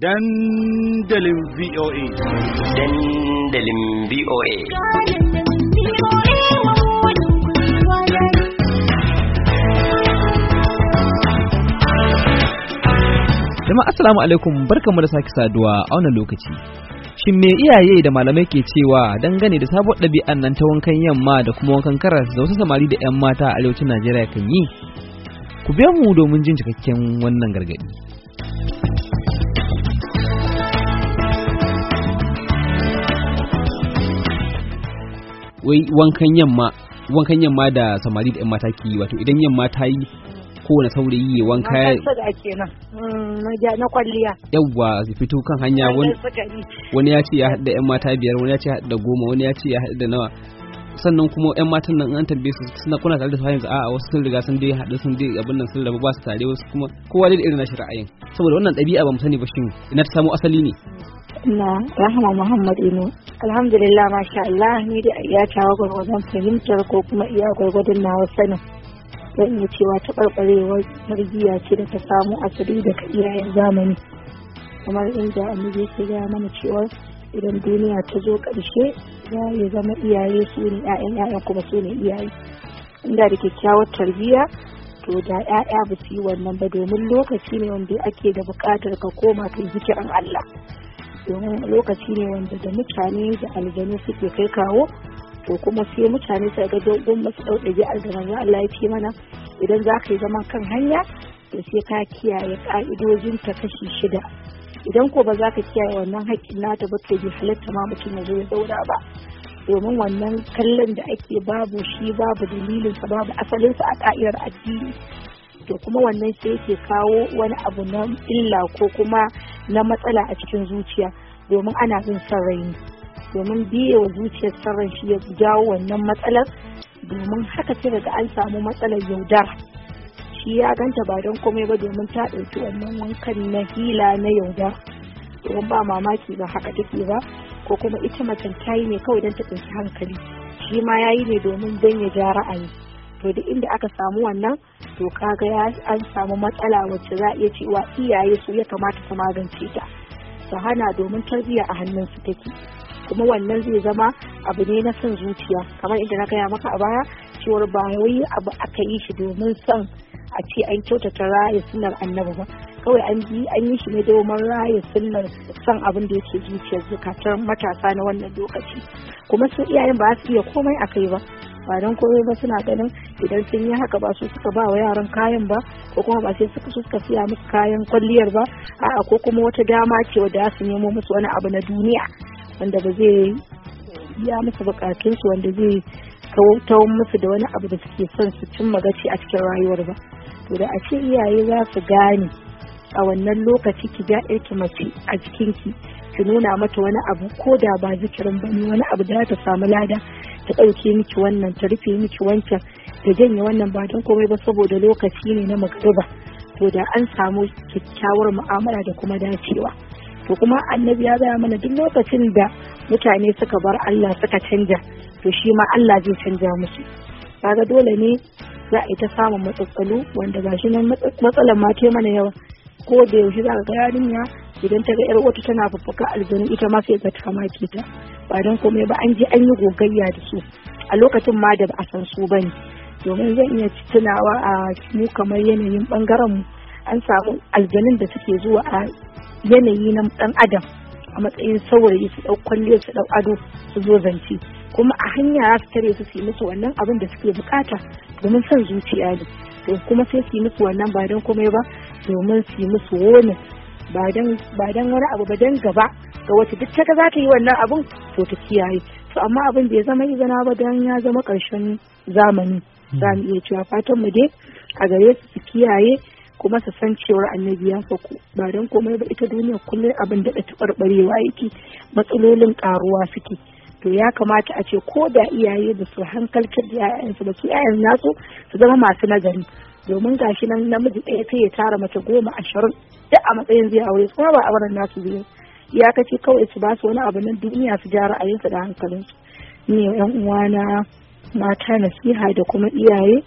dandalin VOA. Dandalin VOA. Jama'a Assalamu alaikum barkanmu da sake saduwa a wannan lokaci. Shin me iyaye da malamai ke cewa dangane da sabuwar ɗabi'an nan ta wankan yamma da kuma wankan karas da wasu samari da 'yan mata a arewacin Najeriya kan yi? Ku biya mu domin jin cikakken wannan gargaɗi. wai wankan yamma wankan yamma da samari da yan mata ke wato idan yamma ta yi kowane saurayi ya wanka mm, ya na kwalliya yawwa su fito kan hanya wani ya ce ya haɗa yan mata biyar wani ya ce ya haɗa goma wani ya ce ya haɗa nawa sannan kuma yan matan nan an tambaye su suna kuna tare da su hanyar a'a wasu sun riga sun dai haɗu sun dai abin nan sun rabu ba su tare wasu kuma kowa dai da irin nashi ra'ayin saboda wannan ɗabi'a ba mu sani ba shin ina ta samo asali ne na rahama muhammad ino alhamdulillah masha Allah ni da ya tawa gwargwadon fahimtar ko kuma iya gwargwadon na sanin zan iya cewa taɓarɓarewar tarbiyya ce da ta samu asali daga iyayen zamani kamar inda annabi ke gaya mana cewa idan duniya ta zo ƙarshe za ya zama iyaye su ne 'ya'yan 'ya'yan kuma su ne iyaye inda da kyakkyawar tarbiyya to da 'ya'ya ba su yi wannan ba domin lokaci ne wanda ake da buƙatar ka koma kai zikirin Allah domin lokaci ne wanda da mutane da aljanu suke kai kawo to kuma sai mutane su ga dogon masu aljanu aljanar Allah ya fi mana idan za ka yi zaman kan hanya to sai ka kiyaye ka'idojin ta kashi shida idan ko ba za ka kiyaye wannan haƙƙin nata ba to bai halatta ma mutum ya zo ya daura ba domin wannan kallon da ake babu shi babu dalilinsa babu asalinsa a ka'idar addini to kuma wannan sai yake kawo wani abu na illa ko kuma na matsala a cikin zuciya domin ana bin son domin biye wa zuciyar son shi ya jawo wannan matsalar domin haka sai daga an samu matsalar yaudar shi ya ganta ba don komai ba domin ta ɗauki wannan wankan na hila na yaudar domin ba mamaki ba haka take ba ko kuma ita macen ta yi ne kawai don ta ɗauki hankali shi ma ya yi ne domin don ya ja ra'ayi to duk inda aka samu wannan to kaga ya an samu matsala wacce za a iya cewa iyaye su ya kamata su magance ta su hana domin tarbiyya a hannun su take kuma wannan zai zama abu ne na son zuciya kamar inda na gaya maka a baya cewar ba wai abu aka yi shi domin son a ce an kyautata raya sunan annabi ba kawai an bi an yi shi ne domin raya sunan son abin da yake zuciyar zukatar matasa na wannan lokaci kuma su iyayen ba su iya komai a kai ba ba don ba suna ganin idan sun yi haka ba su suka ba wa yaran kayan ba ko kuma ba sai suka siya musu kayan kwalliyar ba a'a ko kuma wata dama ce wadda su nemo musu wani abu na duniya wanda ba zai biya musu su wanda zai kawo musu da wani abu da suke son su cimma magaci a cikin rayuwar ba to da a ce iyaye za su gane a wannan lokaci ki ga ki mace a jikinki ki nuna mata wani abu ko da ba zikirin ba ne wani abu da ta samu lada ta ɗauke miki wannan ta rufe miki wancan ta janye wannan ba don komai ba saboda lokaci ne na magriba to da an samu kyakkyawar mu'amala da kuma dacewa to kuma annabi ya gaya mana duk lokacin da mutane suka bar Allah suka canja to shi ma Allah zai canja musu kaga dole ne za a yi ta samun matsatsalu wanda ba shi nan matsalan ma ke mana yawa ko da yaushe za ga yarinya idan ta ga yar wata tana fuffuka aljanu ita ma sai ga ta make ta ba dan komai ba an je an yi gogayya da su a lokacin ma da ba a san su bane domin zan iya tunawa a mu kamar yanayin bangaren mu an samu aljanun da suke zuwa a yanayi na dan adam a matsayin saurayi su dau kwalliya su dau ado su zo zance kuma a hanya za su tare su yi musu wannan abin da suke bukata domin son zuciya ne to kuma sai su yi musu wannan ba don komai ba domin su yi musu wani ba dan wani abu ba dan gaba ga wata duk ta za ta yi wannan abun to ta kiyaye to amma abin bai zama izana ba dan ya zama karshen zamani za mu iya cewa fatan mu dai a gare su su kiyaye kuma su san cewar annabi ya faku ba dan komai ba ita duniya kullum abin da ta barbarewa yake matsalolin karuwa suke to ya kamata a ce ko da iyaye da su hankaltar da 'ya'yansu da su 'ya'yan nasu su zama masu nazari domin gashi nan namiji ɗaya sai ya tara mace goma ashirin duk a matsayin zai aure kuma ba auren nasu biyu ya kace kawai su ba su wani abu nan duniya su ja ra'ayinsu da hankalinsu ne yan uwana mata nasiha da kuma iyaye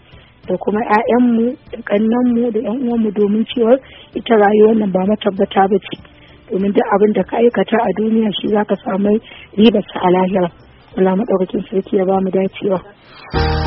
da kuma 'ya'yanmu da ƙannanmu da 'yan uwanmu domin cewa ita rayuwar nan ba tabbata ba ce domin duk abin da ka aikata a duniya shi za ka samu ribarsa a lahira. Allah maɗaukakin sarki ya ba mu dacewa.